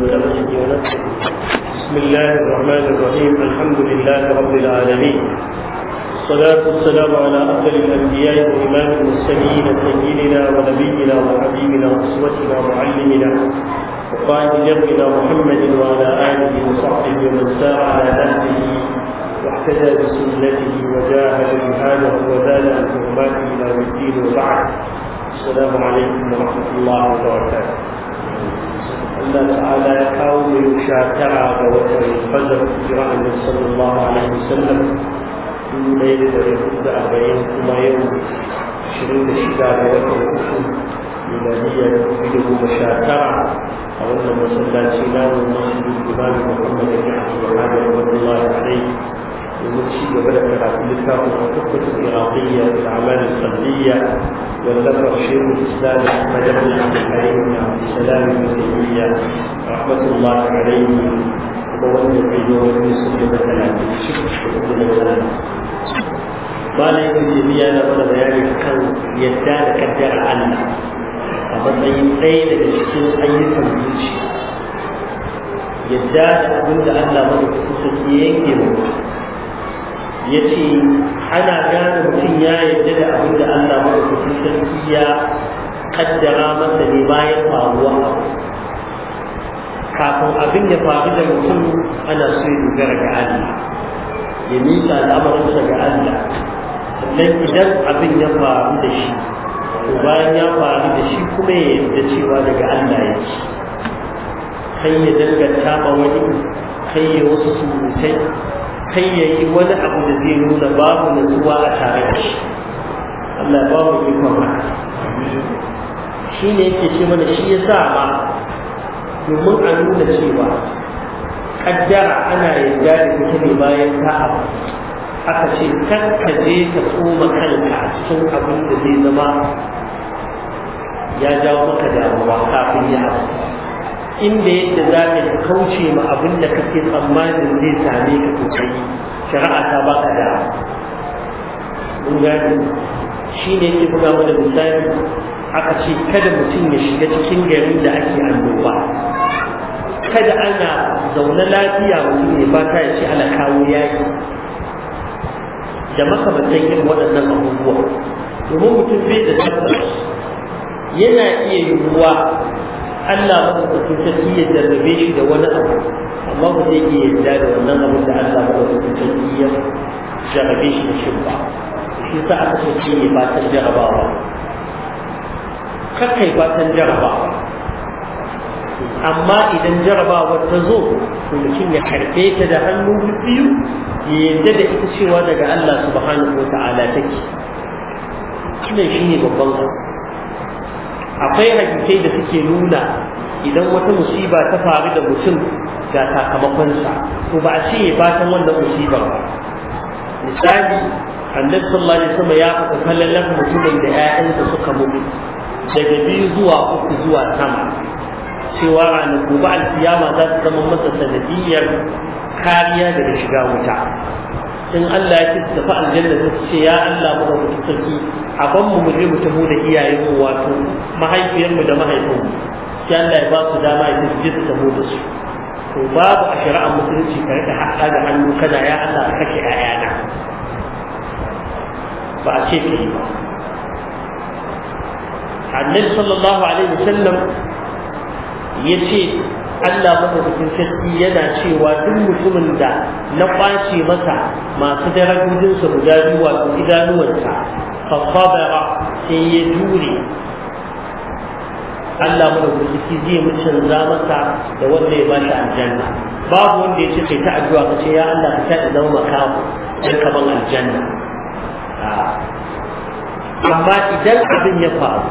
بسم الله الرحمن الرحيم الحمد لله رب العالمين الصلاة والسلام على أفضل الأنبياء وإمام المرسلين سيدنا ونبينا وحبيبنا وأسوتنا ومعلمنا وقائد دربنا محمد وعلى آله وصحبه ومن سار على نهجه واحتدى بسنته وجاهد جهاده وزاد عن إلى إلى الدين وبعد السلام عليكم ورحمة الله وبركاته Allah ta'ala ya kawo mai sha tara ga watan fajar jira annabi sallallahu alaihi wasallam dubu ɗaya da ɗari hudu da arba'in kuma yau ashirin da shida ga watan uku miladiyya da dubu da goma sha tara a wannan masallaci namu masu dubu ba da muhammad da ke a cikin wani lalata ومشي وبدأ تلعب للكافر والفقه العراقية والأعمال الفردية وذكر الشيخ الإسلام أحمد بن عبد الحليم بن عبد السلام بن تيمية رحمة الله عليه ومن يعيده في سنة ثلاثة شكرا Bala yin jami'a na mana bayani kan yadda da kaddar Allah a matsayin ɗaya daga cikin ayyukan zuciya. Yadda da abin da Allah ya ce ana gane mutum ya yarda da abin da Allah maɗaukakin sarki ya kaddara masa ne bayan faruwa kafin abin ya faru da mutum ana so ya dogara ga Allah ya miƙa al'amarinsa ga Allah sannan idan abin ya faru da shi to bayan ya faru da shi kuma ya yarda cewa daga Allah ya ci kai ya danganta ma wani kai ya wasu surutai Kan ya yi wani abu da zai nuna babu nutsuwa a tare da shi Allah ba mu ikon haka shi ne yake ce mana shi ya sa ba domin a nuna cewa kaddara ana yarda da ita ne bayan ta abu aka ce kan ka je ka tsoma kanka a cikin abin da zai zama ya jawo maka damuwa kafin ya abu inda yadda za ka kauce ma abin da kake tsammanin zai same ka to kai shari'a ta baka da mun gani shi ne yake buga mana misali aka ce kada mutum ya shiga cikin garin da ake annoba kada ana zaune lafiya mutum ne ta ya ce ana kawo yaki da makamantan irin waɗannan abubuwa domin mutum bai da tabbas yana iya yiwuwa Allah madaukakin sarki ya jarrabe shi da wani abu amma ba zai iya yarda da wannan abin da Allah madaukakin sarki ya jarrabe shi da shi ba shi sa aka so shi ne fatan jarabawa kakkai fatan jarabawa amma idan jarabawa ta zo to mutum ya karɓe ta da hannu biyu ya yarda da ita cewa daga Allah subhanahu wa ta'ala take shi ne babban abu akwai hakikai da suke nuna idan wata musiba ta faru da mutum ga sakamakonsa to ba a ce ya fatan wannan musibar ba misali annabi sallallahu alaihi wasallam ya faɗa kallon mutumin da ƴaƴansa suka mutu daga biyu zuwa uku zuwa sama cewa ranar gobe alfiyama za su zama masa sanadiyar kariya daga shiga wuta in Allah ya ce tafi aljanna ta ce ya Allah mu rabu sarki a ban mu mu je mu taho da iyayen mu wato mahaifiyar mu da mahaifin mu sai Allah ya ba su dama ya tafi su taho da su to babu a shari'ar musulunci ka rika haɗa da hannu kana ya Allah ka kashe ƴaƴana ba a ce ka yi ba annabi sallallahu alaihi wasallam ya ce Allah madaukakin sarki yana cewa duk mutumin da na kwace masa masu darajojinsa guda biyu wato idanuwansa fa sabara sai ya jure Allah madaukaki zai mutum za masa da wanda ya bashi aljanna babu wanda ya ce kai ta addu'a ka ce ya Allah ka tada zama makamu dan ban aljanna ah. amma idan abin ya faru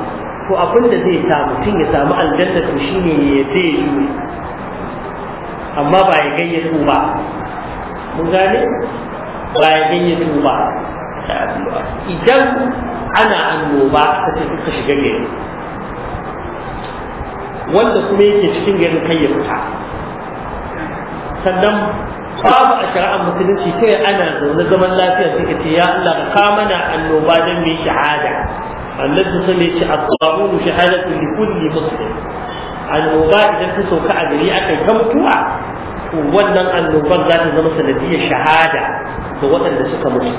to abin da zai sa mutum ya samu aljanna to shine ya yadda ya jure amma ba ya su ba mun gane ba ya su ba idan ana annoba ta ce suka shiga gari wanda kuma yake cikin garin kai ya fita sannan babu a shari'ar musulunci sai ana zaune zaman lafiya suka ce ya Allah ka mana annoba don mai shahada annabi sai ya ce at-ta'un shahadatu li kulli muslim annoba idan ta sauka a gari aka yi mutuwa to wannan annoban za ta zama sanadiyar shahada ga waɗanda suka mutu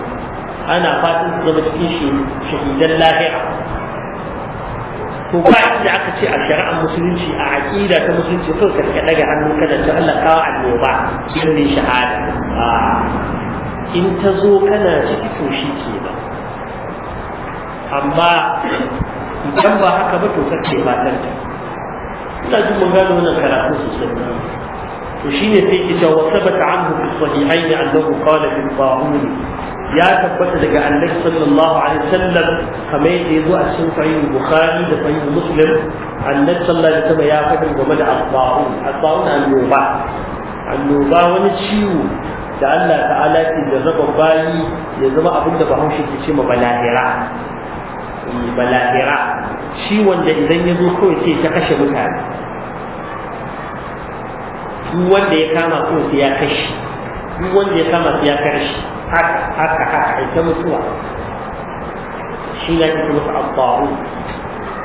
ana fatan su zama cikin shahidan lahira to ba inda aka ce a shari'ar musulunci a aƙida ta musulunci kawai ka ka daga hannu kada ta Allah kawo annoba yin shahada in ta zo kana ciki to shi ke ba amma idan ba haka ba to kace matar ta ina jin mun gano wannan karatu sosai to shine sai ki cewa sabata anhu fi sahihaini annahu qala fi ta'un ya tabbata daga annabi sallallahu alaihi wasallam kamar yadda yazo a cikin sahih bukhari da sahih muslim annabi sallallahu alaihi wasallam ya faɗi game da al-ta'un al-ta'un annoba annoba wani ciwo da Allah ta'ala ke da zaba bayi ya zama abin da bahaushe ke ce ma bala'ira balahira shi wanda idan ya zo kawai sai ta kashe mutane duk wanda ya kama kawai sai ya kashe duk wanda ya kama sai ya kashe haka haka haka ai ta mutuwa shi ne ake musu abbaru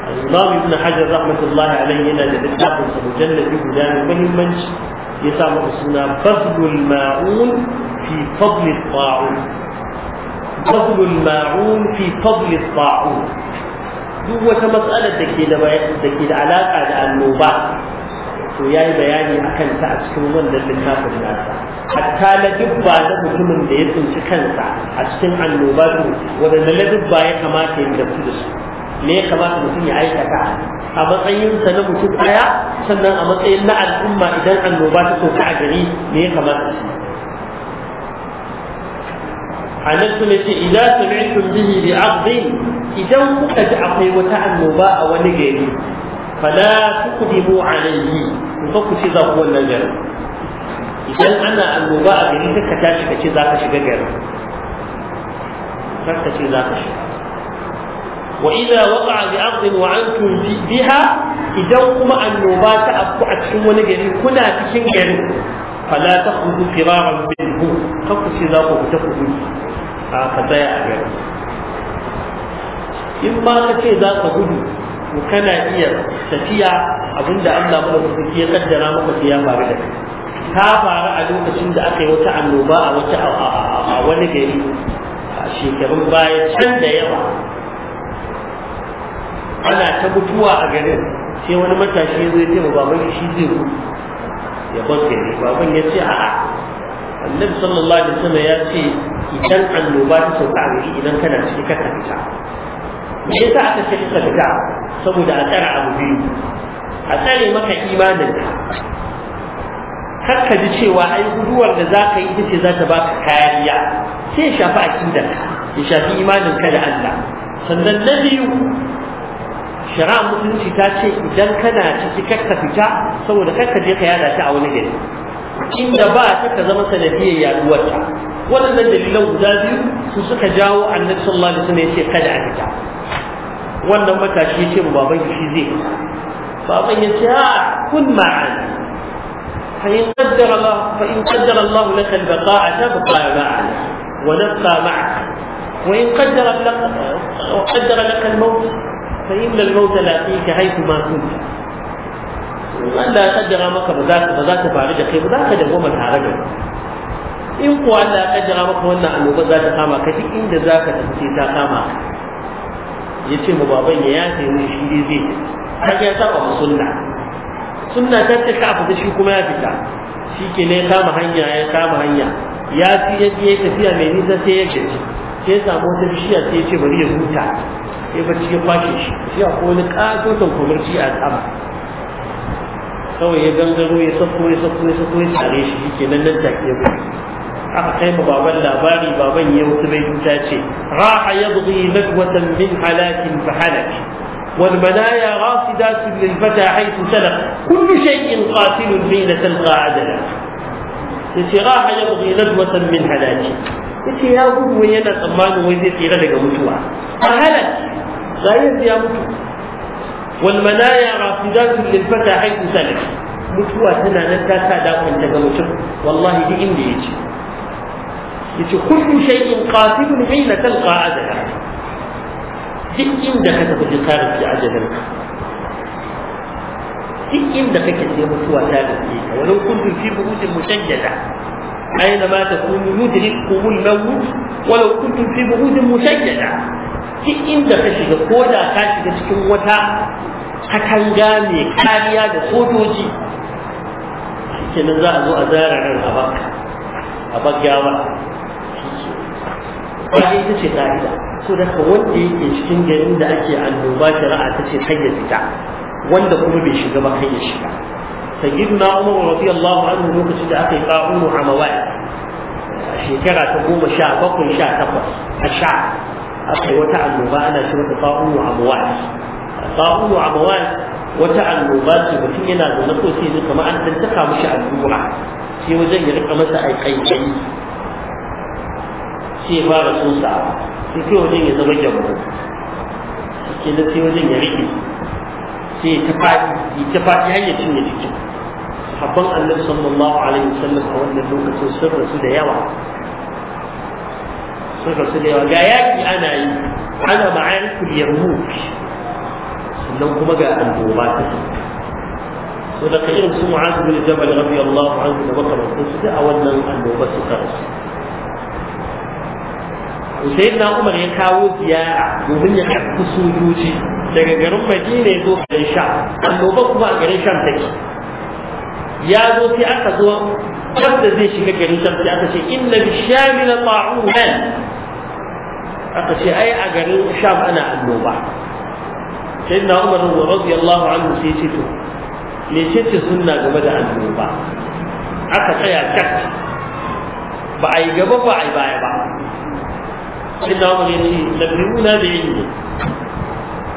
al-imam ibn hajar rahmatullahi alayhi yana da littafin sa mujalladi guda mai muhimmanci ya sa suna fadlul ma'un fi fadli al-ta'un فضل الماعون في فضل الطاعون duk wata matsalar da ke da alaƙa da annoba to ya yi bayani a ta a cikin wannan littafin nasa hatta na dubba na mutumin da ya tsinci kansa a cikin annoba to waɗanda na dubba ya kamata ya dafu da su me ya kamata mutum ya aikata a matsayinsa na mutum ɗaya sannan a matsayin na al'umma idan annoba ta sauka a gari me ya kamata su التي إذا سمعتم به بعقد إذا وقد عقل وتع المباء فلا تكذبوا عليه وفق سيدا هو النجر إذا أنا المباء بنيت كتاش كتشيدا كتشيدا كتشيدا وإذا وقع بعقد وعنتم بها إذا وقم النباء تأبقعت شم ونجري كنا تشنجر فلا تخذوا فرارا منه فقط سيداقه تخذوا a ka tsaya a gari in ba ka ce za ka gudu ko kana iya tafiya abinda Allah madaukaki ya kaddara maka sai ya faru da kai ta faru a lokacin da aka yi wata annoba a wata a wani gari a shekarun baya can da yawa ana ta mutuwa a garin sai wani matashi ya zai taimaka baban shi zai ya bar gari baban ya ce a'a annabi sallallahu alaihi wasallam ya ce idan annoba ta sauka a gari idan kana ciki ka fita me yasa aka ce ka fita saboda a tsara abu biyu a tsare maka imanin kar ka ji cewa ai guduwar da za ka yi ita ce za ta baka kariya sai ya shafi akidar ya shafi imanin ka da Allah sannan na biyu shari'a mutunci ta ce idan kana ciki kar fita saboda kar ka je ka yada ta a wani gari inda ba ta ka zama sanadiyar yaduwarta waɗannan dalilan guda biyu su suka jawo annabi sallallahu alaihi wasallam yace kada a fita wannan matashi yace mu baban shi zai fita baban yace a kun ma'ana fa in qaddara Allah fa in qaddara Allah laka al-baqa'a tabqa ma'ana wa nabqa ma'aka wa in qaddara laka qaddara laka al-maut fa inna al-maut laqika haythu ma kunta Allah ya kaddara maka ba za ba za ta faru da kai ba za ka dawoma tare da in kuwa Allah ya kaddara maka wannan annoba za ta kama ka duk inda za ka tafi ta kama ya ce mu baban ya yafe mun shi dai zai har ya saba mu sunna sunna ta ta ka fita shi kuma ya fita shi ke ne kama hanya ya kama hanya ya fi ya je tafiya mai nisa sai ya gaji sai ya samu wata bishiya sai ya ce bari ya huta sai bacci ya kwashe shi shi a wani katoton kwamarci a tsama kawai ya gangaro ya sako ya sako ya sako ya tare shi yake nan nan take ba aka kai ma baban labari baban ya wuce bai ta ce raha yabghi nadwatan min halakin fa halak والمنايا غاصدات للفتى حيث سلق كل شيء قاتل حين تلقى عدلا راح يبغي ندوة من هلاك yace ya gudu yana tsammanin wai zai tsira daga mutuwa a halak والمنايا رافدات للفتى حيث سلك متوا هنا نتا سادا من دغه متو والله دي اندي يجي كل شيء قاتل حين تلقى عدلا دي اندي كذا بدي كارب في عدلك دي اندي كذا بدي متوا سادا ولو كنت في بروج مشجده أينما تكون يدرككم الموت ولو كنتم في بروج مسجلة duk inda ka shiga ko da ka shiga cikin wata katanga mai kariya da sojoji kenan za a zo a zara ran a baka a bagyawa wani ta ce ka'ida so ka wanda yake cikin garin da ake annoba shari'a ta ce kai ya fita wanda kuma bai shiga ba kai ya shiga sayyiduna umar radiyallahu anhu lokacin da aka yi qa'unu amawai a shekara ta goma sha bakwai sha takwas a sha Akwai wata annoba ana ce mata ta'un wa amwat ta'un wata annoba ce mutum yana zaune ko sai ji kamar an tantaka mishi allura sai wajen ya rika masa aikai sai fara tsusa sai kai wajen ya zama gyambo sai na sai wajen ya rike sai ya tafi ya tafi har ya cinye jikin sahabban annabi sallallahu alaihi wasallam a wannan lokacin sun rasu da yawa sun rasu da yawa ga yaƙi ana yi ana ma'ayar kuliyar muk sannan kuma ga annoba ta so daga irin su mu'azu bin jabal rabbi Allah anhu da makamantan su da a wannan annoba su rasu Hussein na Umar ya kawo ziyara domin ya karɓi sojoji daga garin Madina ya zo garin Sha annoba kuma a garin Sham take ya zo sai aka zo wanda zai shiga garin Sham sai aka ce inna bi shamil ta'unan aka ce ai a garin sham ana annoba sai na umar radiyallahu anhu sai ce to mecece sunna game da annoba aka tsaya cak ba a yi gaba ba a yi baya ba sai na umar ya ce nabiyuna da ilimi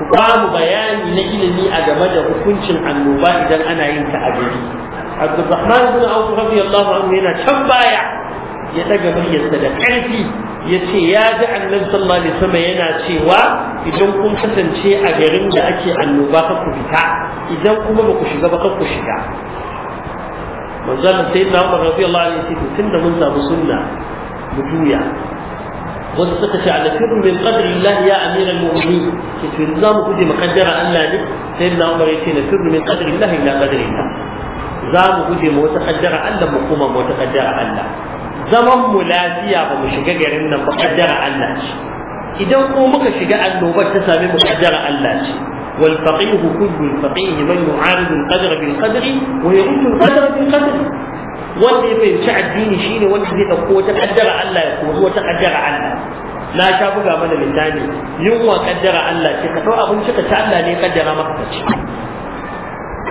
ku ba mu bayani na ilimi a game da hukuncin annoba idan ana yin ta a gari abdulrahman ibn auf radiyallahu anhu yana can baya ya daga muryarsa da karfi yace ya ji annabi sallallahu alaihi wasallam yana cewa idan kun kasance a garin da ake annoba ka ku fita idan kuma ba ku shiga ba ka ku shiga manzon sayyidina Umar radiyallahu anhu yace tunda mun samu sunna mu juya wasu suka ce ala firru min qadri Allah ya amira al-mu'minin ke to yanzu zamu guje makaddara Allah ne sai na Umar yace na firru min qadri Allah ila qadri Za mu guje mu wata kaddara Allah mu kuma mu wata kaddara Allah zaman mu lafiya ba mu shiga garin nan ba kaddara Allah ce idan ko muka shiga annobar ta sami mu kaddara Allah ce wal faqih kullu al faqih man yu'arid al qadr bil qadr wa yurd al qadr bil qadr wanda ya fahimci addini shine wanda zai dauko ta kaddara Allah ya kori ta kaddara Allah na sha buga mana misali yunwa kaddara Allah ce ka kawo abinci ka ci Allah ne kaddara maka ka ci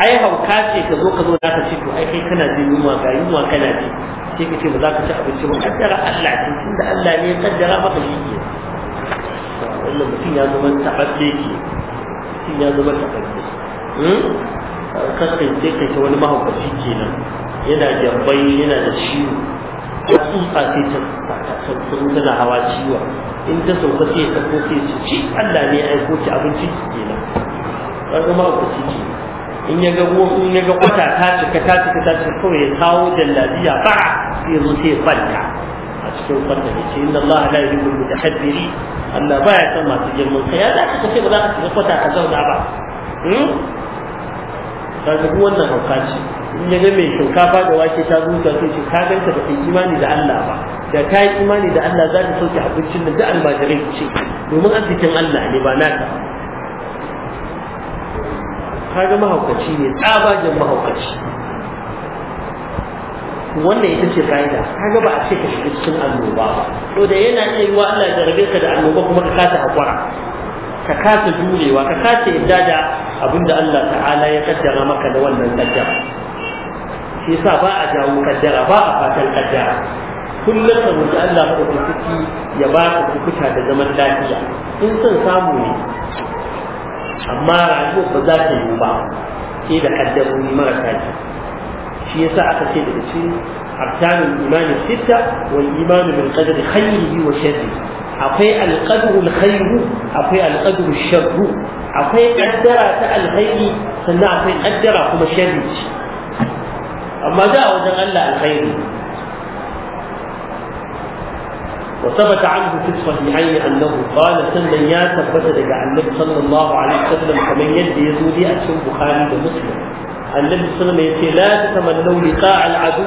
ai hauka ce ka zo ka zo za ka ci to ai kai kana jin yunwa ga yunwa kana ji sai ka ce ba za ka ci abinci ba kaddara Allah ce tunda Allah ne ya kaddara maka shi ke wannan mutum ya zama tabbace ke mutum ya zama tabbace kaskan sai kai ta wani mahaukaci ke nan yana jambai yana da ciwo ta tsutsa sai ta tsutsa tana hawa ciwa. in ta sauka sai ta sauka sai su ci Allah ne ya aiko ci abinci kenan ka zama mahaukaci kenan in ya ga in ya ga kwata ta cika ta cika ta cika kawai ya kawo jallabiya ba sai zo sai kwanta a cikin kwanta ya ce inna Allah la yuhibbul haddiri Allah baya son masu girman kai ya za ka kace ba za ka cika kwata ka zauna ba hmm? ka ga wannan hauka ce in ya ga mai shinkafa da wake ta zuta sai ce ka ganta ba kai imani da Allah ba da ka yi imani da Allah za ka sauke abincin da duk almajirai ce domin arzikin Allah ne ba naka kaga mahaukaci ne tsabagen mahaukaci wannan ita ce ka'ida kaga ba a ce ka shiga cikin annoba to da yana iya wa Allah da rabe ka da annoba kuma ka kasa hakura ka kasa jurewa ka kasa yadda da abinda Allah ta'ala ya kaddara maka da wannan kaddara shi yasa ba a jawo kaddara ba a fatan kaddara kullum ka roki Allah ka ya baka kukuta da zaman lafiya in son samu ne amma rayuwar ba za ta yi ba sai da haddabu marasa kyau shi yasa aka ce أركان الإيمان الستة والإيمان بالقدر خيره وشره أقي القدر الخير أقي القدر الشر أقي قدر الخير سنة أقي قدر كما شر أما دعوة الله الخير وثبت عنه في الصحيحين انه قال سلم يا ثبت النبي صلى الله عليه وسلم فمن يد يزودي اكثر البخاري ومسلم النبي صلى الله عليه وسلم لا تتمنوا لقاء العدو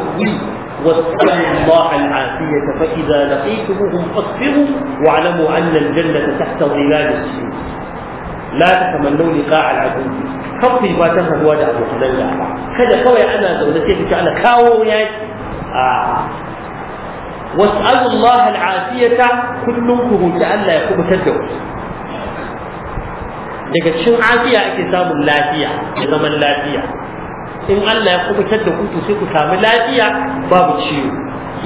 واسألوا الله العافية فإذا لقيتموهم فاصبروا واعلموا أن الجنة تحت ظلال السجود لا تتمنوا لقاء العدو فقط ما تفهم وجع أبو كذا قوي أنا زوجتي أنا كاو يعني آه was'alu Allah al'afiyata kullum ku huta Allah ya kubutar da ku daga cikin afiya ake samun lafiya da zaman lafiya in Allah ya kubutar da ku sai ku samu lafiya babu ciwo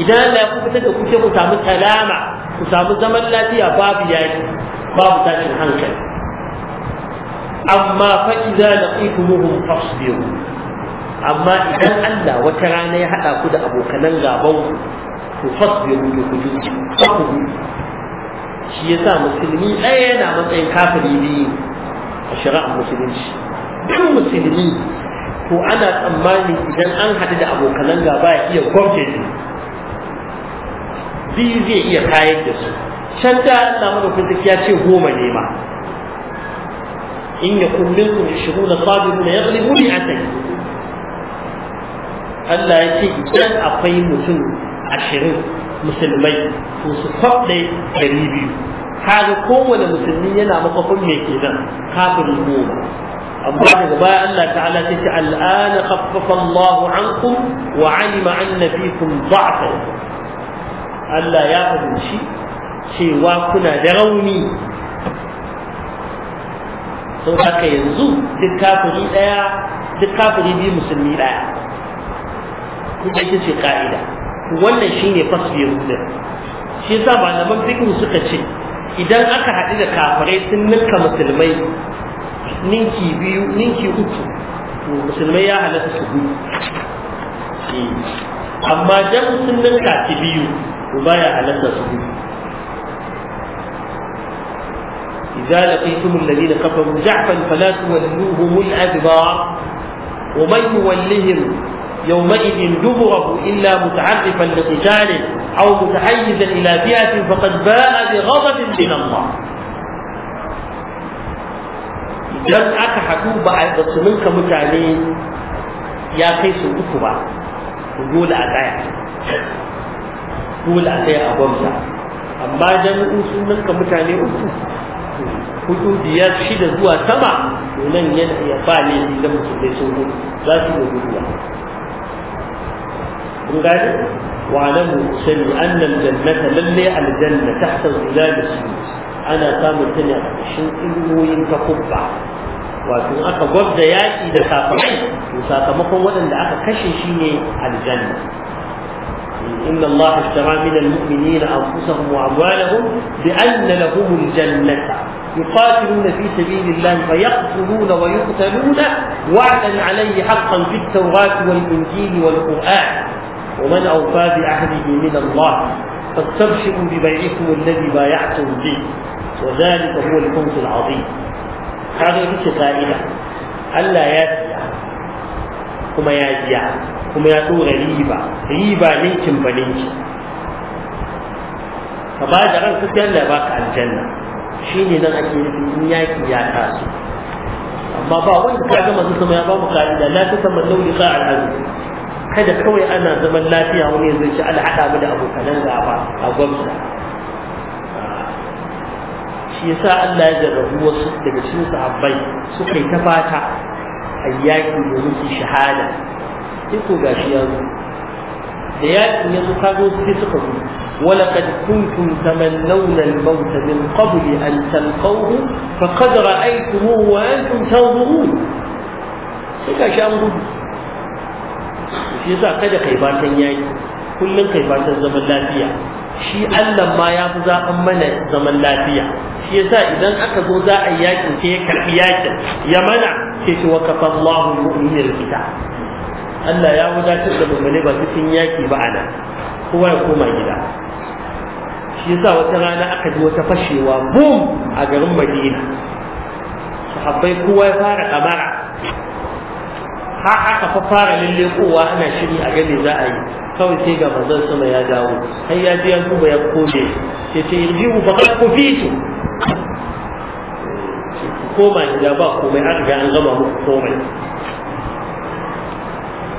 idan Allah ya kubutar da ku sai ku samu salama ku samu zaman lafiya babu yaki babu tashin hankali amma fa idza laqitumuhum fasbiru amma idan Allah wata rana ya hada ku da abokanan gaban to fasbiru li hududi fakuhu shi yasa musulmi ɗaya yana matsayin kafiri biyu a shari'ar musulunci duk musulmi to ana tsammanin idan an haɗu da abokanan gaba ya iya gwamce su biyu zai iya kayar da su can da Allah da ya ce goma ne ma in ya shigo na yakun minkum ishruna sabiruna yaghlibu mi'atayn Allah ya ce idan akwai mutum ashirin musulmai to su kwaɗe ɗari biyu kaga kowane musulmi yana makwafin mai nan kafin goma amma daga baya Allah ta'ala ta ce al'ana khaffafa Allah ankum wa alima anna fikum da'fa Allah ya fahimci cewa kuna da rauni to haka yanzu duk kafiri daya duk kafiri biyu musulmi ɗaya kuma ita ce ka'ida wannan shi ne fasfiyar da shi yasa malaman mafikin suka ce idan aka haɗu da kafirai sun nuka musulmai ninki biyu ninki uku musulmai ya halatta su biyu amma dan sun nuka ki biyu ko ba ya halatta su gudu إذا لقيتم الذين كفروا زحفا فلا تولوهم الأدبار ومن يولهم يومئذ دبره إلا متعرفا لقتال أو متحيزا إلى فئة فقد باء بغضب من الله. إذا أتى حكوبة عند سمنك متعلين يا قيس الأكبر يقول أتاي يقول أتاي أبو أما جن سمنك متعلين kudu biyar shida zuwa sama to nan yana iya fa ne idan mutum bai so ne za su yi guduwa وبعده واعلموا سن أن الجنة للي الجنة تحت ظلال السنوس أنا كان الدنيا شو إنه ينتقب وكن أكا قرد ياتي إذا ساقمين وساقمكم ولن لأكا كشيشيني على الجنة إن الله اشترى من المؤمنين أنفسهم وأموالهم بأن لهم الجنة يقاتلون في سبيل الله فيقتلون ويقتلون وعدا عليه حقا في التوراة والإنجيل والقرآن ومن أوفى بعهده من الله فاستبشروا ببيعكم الذي بايعتم به وذلك هو الفوز العظيم هذا ليس قائلة ألا يأتي يعني. كما يأتي يعني. كما يأتي ريبة ريبة نيكم بنيكم فبعد أن تتلى باك على الجنة شيني نحن أكيد الدنيا يا تاسو أما بعض وإن كان كما تسمى يا بابا قائلة لا تتمنوا لقاء العدو kada kawai ana zaman lafiya wani zai ci ana haɗa mu da abokanan ba a gwamna shi yasa Allah ya jarrabu wasu daga cikin sahabbai suka yi ta fata a yaƙi domin su shahada sai ko gashi ya zo da yaƙin ya zo kago sai suka zo ولقد كنتم تمنون الموت من قبل أن تلقوه فقد رأيتموه وأنتم تنظرون. سيكا شام gudu. shi yasa kada kai fatan yayi kullum kai fatan zaman lafiya shi Allah ma ya fi zaɓen mana zaman lafiya shi yasa idan aka zo za a yakin ke ya karɓi yakin ya mana ke ce wa kafa Allahu mu'minil kita Allah ya wadatar da mummune ba cikin yaki ba ana kowa ya koma gida shi yasa wata rana aka ji wata fashewa boom! a garin Madina sahabbai kowa ya fara kamara har aka fa fara lalle kowa ana shiri a game za a yi kawai sai ga manzon sama ya dawo har ya ji ya duba ya kome ke ce ji ba fa ku fito koma gida ba komai an riga an gama muku komai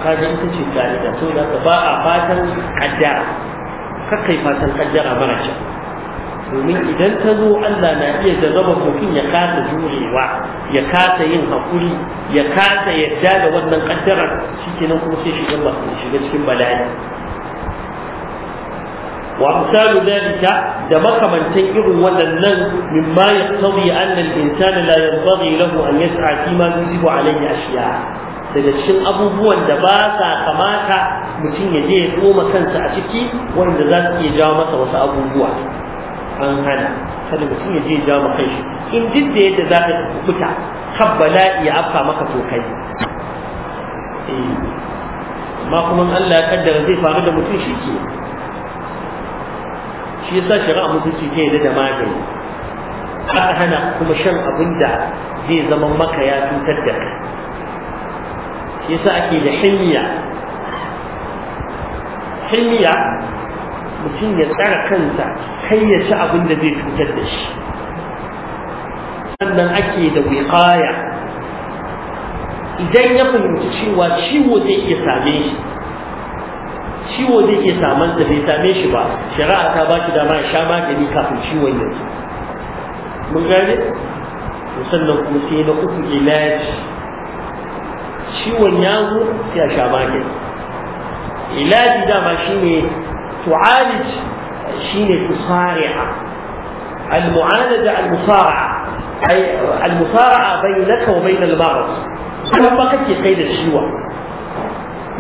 kaji ita ce da so da ba a fatan kaddara kakai fatan kaddara mara kyau domin idan ta zo Allah na iya jarraba mutum ya kasa jurewa ya kasa yin hakuri ya kasa yadda da wannan kaddarar shikenan kuma sai shiga shiga cikin bala'i wa misalu dalika da makamantan irin waɗannan mimma yaqtadi anna al-insana la yanbaghi lahu an yas'a fi ma yusibu alayhi ashiya daga cikin abubuwan da ba sa kamata mutum ya je ya tsoma kansa a ciki wanda za su iya jawo masa wasu abubuwa an hana kada mutum ya je ja kai shi in duk da yadda za ka kuta kabbala bala'i ya afka maka to kai eh. amma kuma Allah ya kaddara zai faru da mutum shi ke shi yasa shari'a mutunci ke da magani aka hana kuma shan abin da zai zama maka ya cutar da ka shi yasa ake da hanya hanya mutum ya tsara kansa kai ya ci abin da zai cutar da shi sannan ake da wiqaya idan ya fahimci cewa ciwo zai iya same shi ciwo zai iya saman da bai same shi ba shari'a ta ba shi dama sha magani kafin ciwon ya zo mun gane sannan kuma sai na uku ilaji ciwon ya zo sai a sha magani ilaji dama shine تعالج الشين المصارعة المعالجة المصارعة أي المصارعة بينك وبين المرض لما كنت قيد الشيوع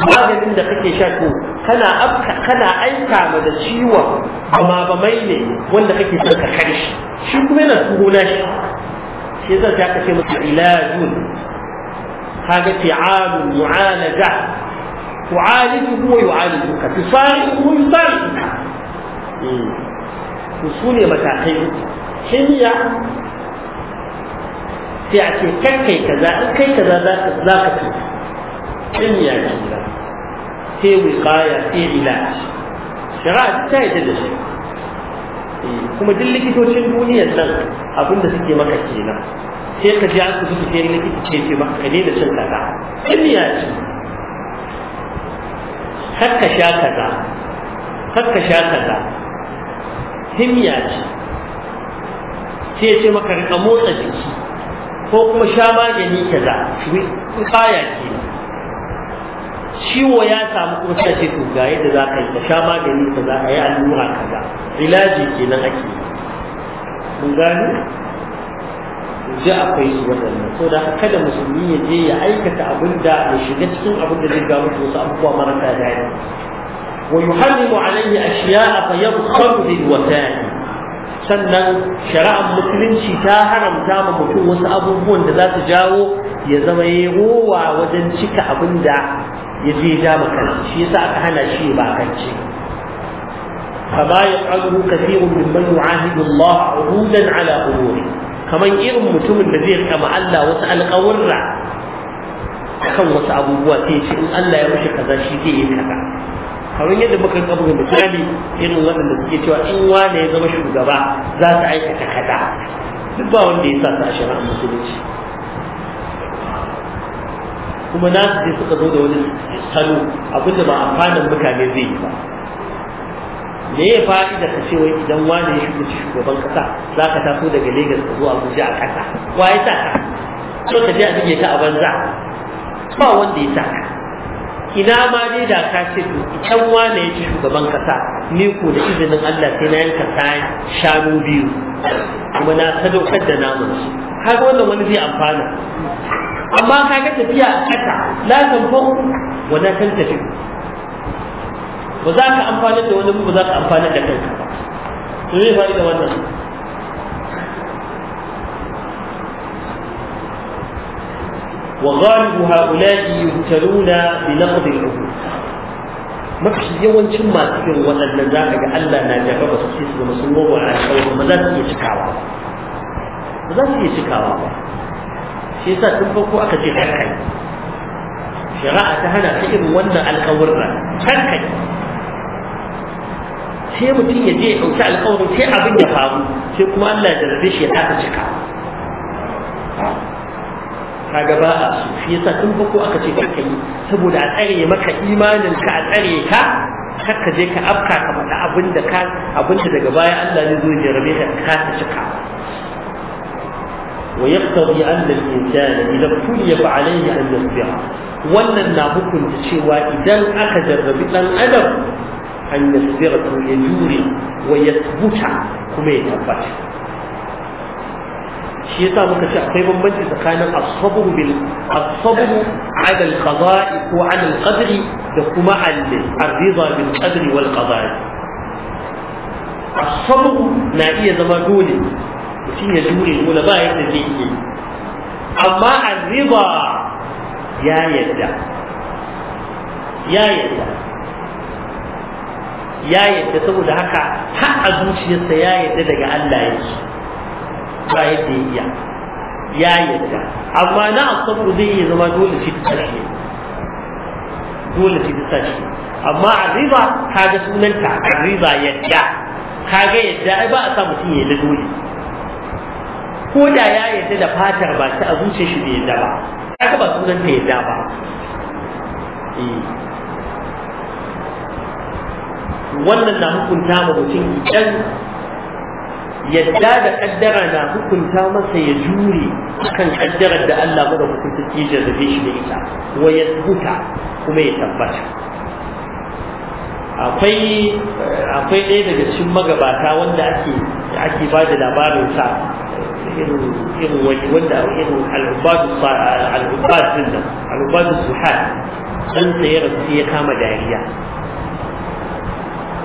هذا من دقيقة شاكو خنا أبكى خنا أيكى مدى الشيوع وما بميني وان دقيقة سنك خرش شو من الكهوناش كذا جاكت يمت علاج هذا عام معالجة tu'alijuhu wa yu'alijuka tusari'uhu yusari'uka to su ne matakai hanya sai a ce kan kai kaza in kai kaza za ka to hanya kenan sai wiqaya sai ilaj shari'a ta yi da shi kuma duk likitocin duniyar nan abinda suke maka kenan sai ka je asibiti sai likita ce ce maka ka daina cin kaza hanya ce kakka sha kaza kakka sha kaza himya ce sai ce maka rika motsa jiki ko kuma sha magani kaza shi kaya ke ciwo ya samu kuma sai ce to ga yadda za ka yi ka sha magani kaza a yi allura kaza ilaji kenan ake mun gano ji akwai su waɗannan so da kada musulmi ya je ya aikata abin da ya shiga cikin abin da zai ga musu wasu abubuwa marasa daɗi wa yuhallimu alayhi ashiya'a fa yadkhulu bil wasani sannan shari'ar musulunci ta haramta ma mutum wasu abubuwan da za su jawo ya zama ya rowa wajen cika abin da ya je dama makanci shi yasa aka hana shi ba kanci فما يفعله كثير ممن يعاهد الله عهودا على أموره kamar irin mutumin da zai rika Allah wasu alƙawarra kan wasu abubuwa sai ce in Allah ya rushe kaza shi zai yi kaza kamar yadda muka rika buga misali irin waɗanda suke cewa in wane ya zama shugaba za su aikata kaza duk ba wanda ya sa su a shari'a musulunci kuma na su suka zo da wani salo abinda ba amfanin mutane zai yi ba me ya fa'ida da kace wai idan wani ya shiga shugaban kasa za ka taso daga Legas ka zo Abuja a kasa wa ya saka so ka je a bige ka a banza ba wanda ya saka ina ma dai da ka ce to idan wani ya ci shugaban kasa ni ko da izinin Allah sai na yanka kayan shanu biyu kuma na sadaukar da namun shi kaga wannan wani zai amfana amma ka ga tafiya a kasa la tanfa wa kan tafi. ba za ka amfana da wani ba za ka amfana da kai to fa'ida wannan wa da wannan yuntaluna bi يبتلون al العهود makashi yawancin masu irin waɗannan za ka ga Allah na jaba ba su ce su zama sun roba a alƙawarin ba za su iya cikawa ba za su iya cikawa ba shi yasa tun farko aka ce karkai shari'a ta hana ta irin wannan alƙawurra karkai sai mutum ya je ya ɗauki alƙawarin sai abin ya faru sai kuma Allah ya jarrabe shi ya taka cika kaga ba a so shi yasa tun farko aka ce kanka yi saboda a tsare maka imanin ka a tsare ka kar ka je ka afka ka faɗa abin da ka abin da daga baya Allah ne zo ya jarrabe ka ka ta cika wa yaqtadi anna al-insana idza tuliya alayhi an yasbira wannan na hukunta cewa idan aka jarrabi dan adam أن السيرة يجور ويثبت كما يثبت شيطان مكتشف طيب من إذا كان الصبر بال... الصبر على القضاء وعلى القدر لكما عن الرضا بالقدر والقضاء الصبر نائية زما دولي وشين يجوري ولا باية تزيكي أما الرضا يا يدع يا يدع ya yadda saboda haka har a zuciyarsa ya yadda daga Allah yake ba yadda ya iya ya yadda amma na asabu zai iya zama dole shi ta tashi dole shi ta tashi amma ka ga sunanta a riba yadda ga yadda ai ba a sa mutum ya yi dole ko da ya yadda da fatar ba ta a zuciyar shi bai yadda ba ga ba sunanta yadda ba eh. wannan na hukunta ma mutum idan yadda da kaddara na hukunta masa ya jure kan kaddarar da Allah mada hukunta ki jarrabe shi da ita wa ya huta kuma ya tabbata akwai akwai ɗaya daga cikin magabata wanda ake ake ba da labarin sa irin irin wani wanda irin al'ubadu al'ubadu din nan al'ubadu zuhal dan sa ya ya kama dariya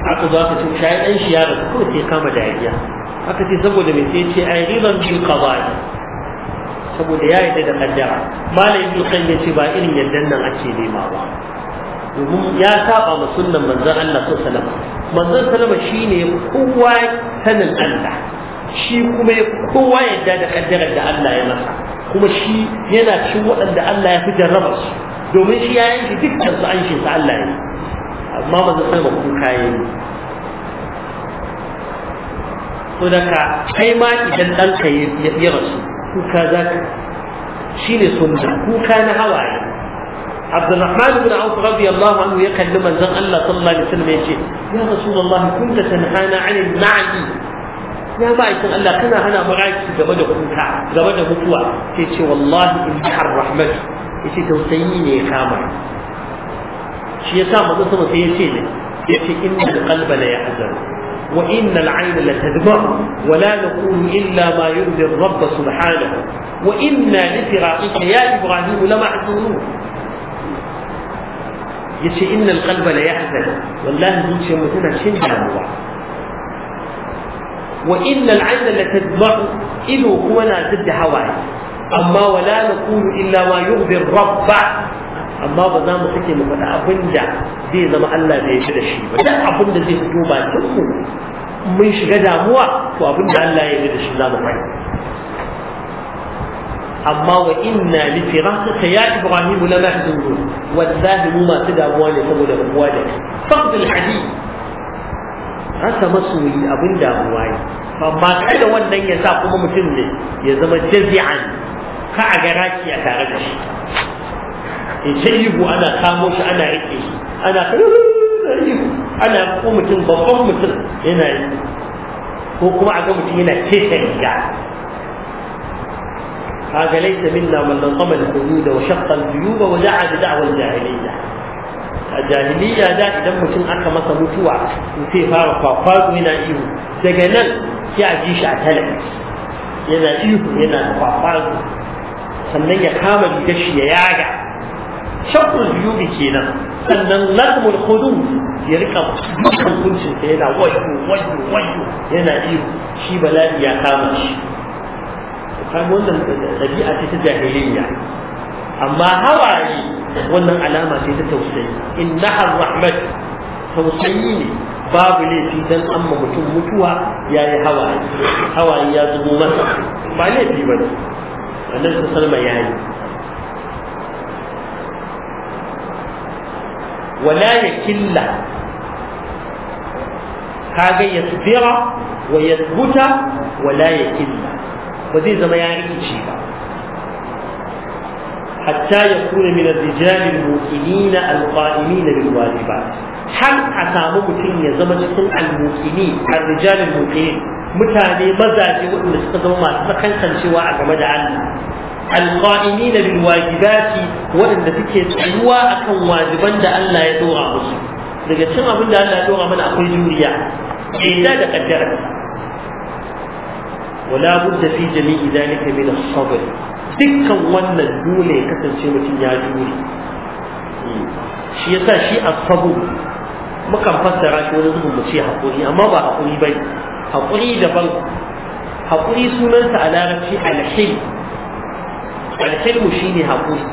aka za ka cin shayi ɗan shi ya rasu kawai sai kama dariya aka ce saboda mai sai ce ai riban bil qada'i saboda ya yi da kaddara malam ibnu qayyim ce ba irin yaddan nan ake nema ba domin ya saba ma sunan manzan Allah sallallahu alaihi wasallam manzon sallama shine kowa sanin Allah shi kuma kowa yadda da kaddarar da Allah ya masa kuma shi yana cin waɗanda Allah ya fi jarraba su domin shi ya yanke dukkan su an shi Allah ya yi amma ba zai manzo sallama kuka yayi to daga kai ma idan ɗanka ya rasu kuka za ka shi ne da kuka na hawaye abdurrahman ibn auf radiyallahu anhu ya kalli manzon Allah sallallahu alaihi wasallam ya ce ya rasulullahi kunta tanhana 'anil ma'i ya ba ma'aikin Allah kana hana mu raki game da kuka game da mutuwa sai ce wallahi in har rahmat yace tausayi ne ya kama shi yasa manzo sama sai yace ne yace innal qalba la yahzan wa innal ayna la tadma wa la naqulu illa ma yurdi rabb subhanahu wa inna li firaqika ya ibrahim la mahzunun yace innal qalba la yahzan wallahi zuciyar mu tana shin damuwa wa innal ayna la tadma ido kuma na zidda hawaye amma wala naqulu illa ma yurdi rabb amma ba za mu sake mu faɗa abin da zai zama Allah bai yi da shi ba duk abin da zai fito ba mu mun shiga damuwa to abin da Allah ya yi da shi za mu faɗi amma wa inna li firaqika ya ibrahim la mahzunun wallahi mu masu damuwa ne saboda rabuwa da kai faqd al hadith rasa masoyi abin damuwa ne amma kai da wannan ya sa kuma mutum ne ya zama jazi'an ka a garaki a tare da shi ya ta ihu ana kamo shi ana rike shi ana ihu ana ko mutum babban mutum yana yi ko kuma a ga mutum yana keta riga kaga laisa minna man lanqama al-hudud wa shaqqa al-juyub wa da'a bi da'wa al-jahiliyya a jahiliya da idan mutum aka masa mutuwa sai fara kwakwazo yana ihu daga nan sai a ji shi a tala yana ihu yana kwakwazo sannan ya kama rigar shi ya yaga shakkun zuyubi kenan sannan nazmul khudu ya rika hukuncin sa yana wayo wayo wayo yana iyo shi bala'i ya kama shi kaga wannan dabi'a ce ta jahiliyya amma hawaye wannan alama ce ta tausayi innaha rahmat tausayi ne babu laifi dan amma mutum mutuwa yayi hawaye hawaye ya zubo masa ba laifi bane annabi sallallahu alaihi wasallam yayi ولا يكل هذا يصبر ويثبت ولا يكل وذي زمان يكشف حتى يكون من الرجال الموكلين القائمين بالواجبات هل أسامه كن يزمج كن الموقنين الرجال الموقنين متى لمزاج وإن استقدموا ما تبقى كان شواء كما جعلنا alqa'imina bil wajibati waɗanda suke tsayuwa akan wajiban da Allah ya dora musu daga cin abin da Allah ya dora mana akwai juriya kida da kaddara wala budda fi jami'i zalika min as-sabr dukkan wannan dole kasance mutum ya jure shi yasa shi as-sabr mukan fassara shi wani zubin mu ce haƙuri amma ba haƙuri bai haƙuri sunansa a larabci alhilmu shi ne haƙuri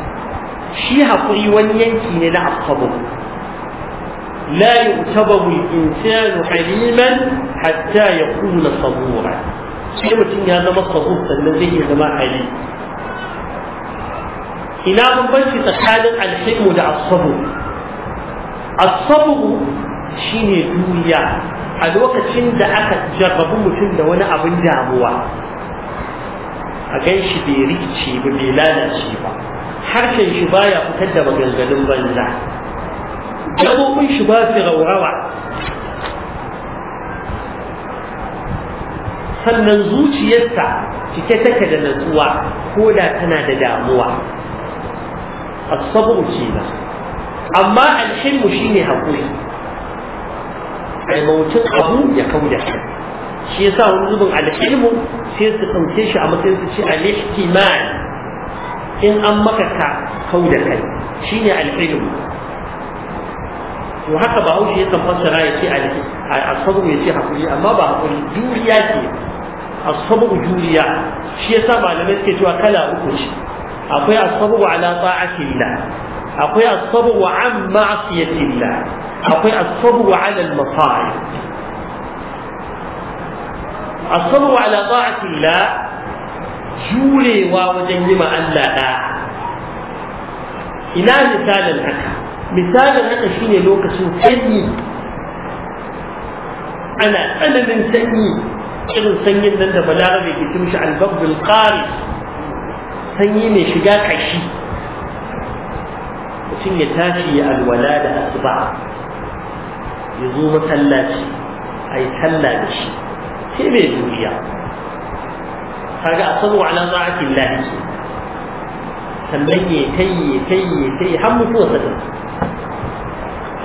shi haƙuri wani yanki ne na asabu la yu'tabaru al-insanu haliman hatta yakuna sabura sai mutum ya zama sabur sannan zai iya zama hali ina bambanci tsakanin alhilmu da asabu asabu shine duniya a lokacin da aka jarrabu mutum da wani abin damuwa a gan shi bai rikice ba bai lalace ba harshen shi baya fitar da maganganun banza gabobin shi ba su raurawa sannan zuciyarsa cike take da natsuwa ko da tana da damuwa asabu kenan amma alhimmu shine haƙuri ai abu ya kauda shi yasa wani zubin al'ilmu sai su ɗauke shi a matsayin su ce al'ihtimal in an maka ka kau da kai shine al'ilmu to haka ba haushi yakan fassara ya ce al'asabu ya ce haƙuri, amma ba hakuri juriya ke asabu juriya shi yasa malamai suke cewa kala uku ce akwai asabu ala ta'atillah akwai asabu an ma'asiyatillah akwai asabu ala al-masa'ib الصبر على طاعة الله جولي ووجنما ألا لا إلى مثال لك مثال لك شين لوك سنسني أنا أنا من سني إذن سني لن تبلغ بك تمشى عن بغض القاري سني من شجاك عشي وشين يتاشي الولادة أصبع يزوم ثلاثي أي ثلاثي sai mai juriya kaga asabu ala za'ati Allah sannan ya kai ya kai ya kai har mutuwa ta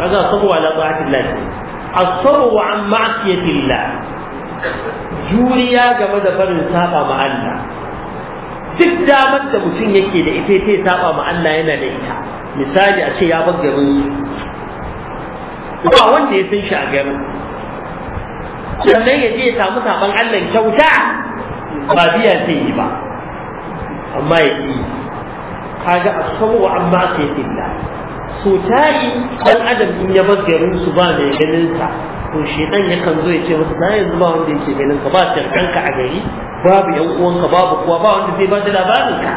kaga asabu ala za'ati Allah asabu an ma'siyati Allah juriya game da barin saba ma Allah duk damar da mutum yake da ita sai saba ma Allah yana da ita misali a ce ya bar garin ba wanda ya san shi a garin sannan ya je ya samu saban Allah kyauta ba biya zai yi ba amma ya yi kaga wa amma sai tilla so tayi dan adam in ya bar garin su ba mai ganin sa to shedan yakan zo ya ce masa dai yanzu ba wanda yake ganin ka ba ka a gari babu yan uwanka babu kuwa ba wanda zai ba da labarin ka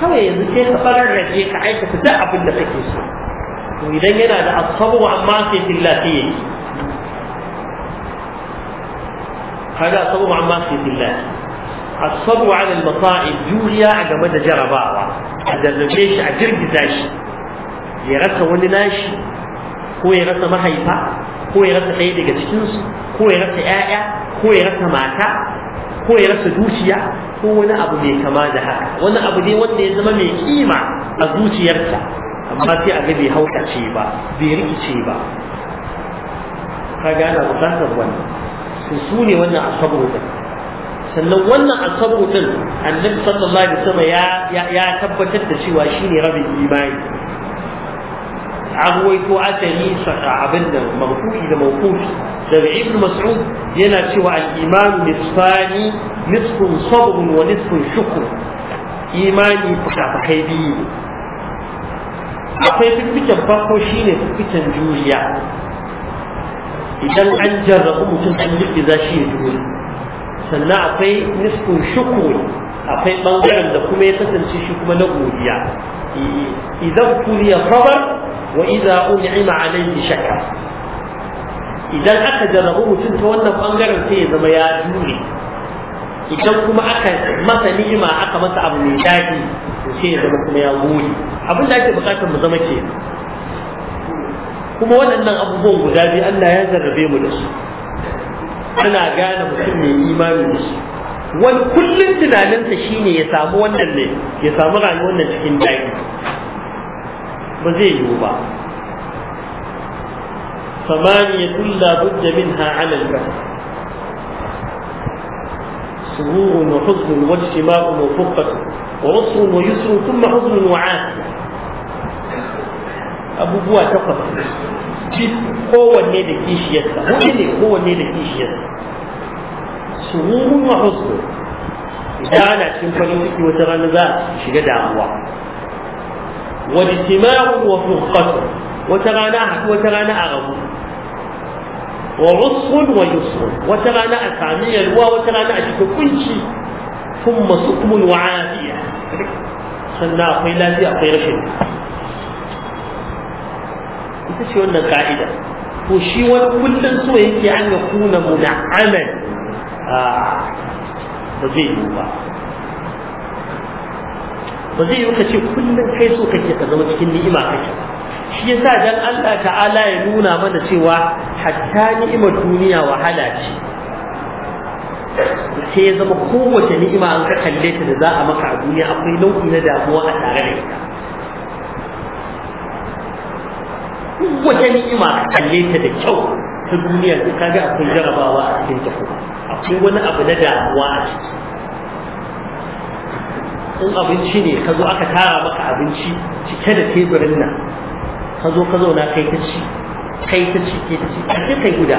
kawai yanzu sai ka farar rage ka aikata duk abin da kake so to idan yana da asabu amma sai tilla sai yi هذا صبر عما في الله الصبر على المصائب جوليا game da jarabawa a jarrabe shi a girgiza shi ya rasa wani nashi ko ya rasa mahaifa ko ya rasa ɗaya daga cikinsu ko ya rasa ‘ya'ya ko ya rasa mata ko ya rasa dukiya ko wani abu mai kama da haka wani abu ne wanda ya zama mai kima a zuciyarsa amma sai a bai haukace ba bai rikice ba ka gane bukatar to su ne wannan Asabar din sannan wannan asabu din annabi sallallahu alaihi wasallam ya ya tabbatar da cewa shine rabin imani an ko asali abin da mawkufi da mawkufi daga ibn mas'ud yana cewa al-imanu nisfani nisfun sabrun wa nisfun shukr imani fukafukai biyu akwai fifikin farko shine fifikin juriya إذا إذن أنجر أمو تنسل لك إذا شيء دول سنة أفي نسك شكوي أفي مانجعن لكم يتسل شكوما لأوليا إذا أكلي الضبر وإذا أنعم عليه شكر إذن أكجر أمو تنسل وأنف أنجرن في إذا ما يأجوني إذن كما أكد مثل إما أكمت أبني تاكي وشيء إذا ما كما يأجوني أبن ذاكي بقاكم مزمكين kuma waɗannan abubuwan guda biyu Allah ya zarrabe mu da su ana gane mutum mai imani da su wani kullum tunaninsa shine ya samu wannan ne ya samu rayuwar nan cikin daɗi ba zai yiwu ba ثمانية لا بد منها على البحر سرور وحزن واجتماع وفقة وعسر ويسر ثم حزن وعافية abubuwa takwas duk kowanne da kishiyarsa hudu ne kowanne da kishiyarsa sururun wa husnu idan ana cikin farin ciki wata rana za a shiga damuwa wa jitima'u wa furqatu wata rana haɗu wata rana a rabu wa rusul wa yusul wata rana a sami yalwa wata rana a cikin kunci kuma su kuma afiya sannan akwai lafiya akwai rashin ita ce wannan ka'ida ko shi wani kullum so yake an ya kuna muna'aman ba zai yi ba ba zai yi ka ce kullum kai so kake ka zama cikin ni'ima kake shi yasa dan Allah ta'ala ya nuna mana cewa hatta ni'imar duniya wahala ce ke ya zama kowace ni'ima an ka kalle ta da za a maka a duniya akwai nau'i na damuwa a tare da ita wata ni'ima ka kalle ta da kyau ta duniyar ka ga akwai jarabawa a cikin ta akwai wani abu na damuwa a ciki in abinci ne ka zo aka tara maka abinci cike da teburin nan ka zo ka zauna kai ta ci kai ta ci kai ta ci a kai guda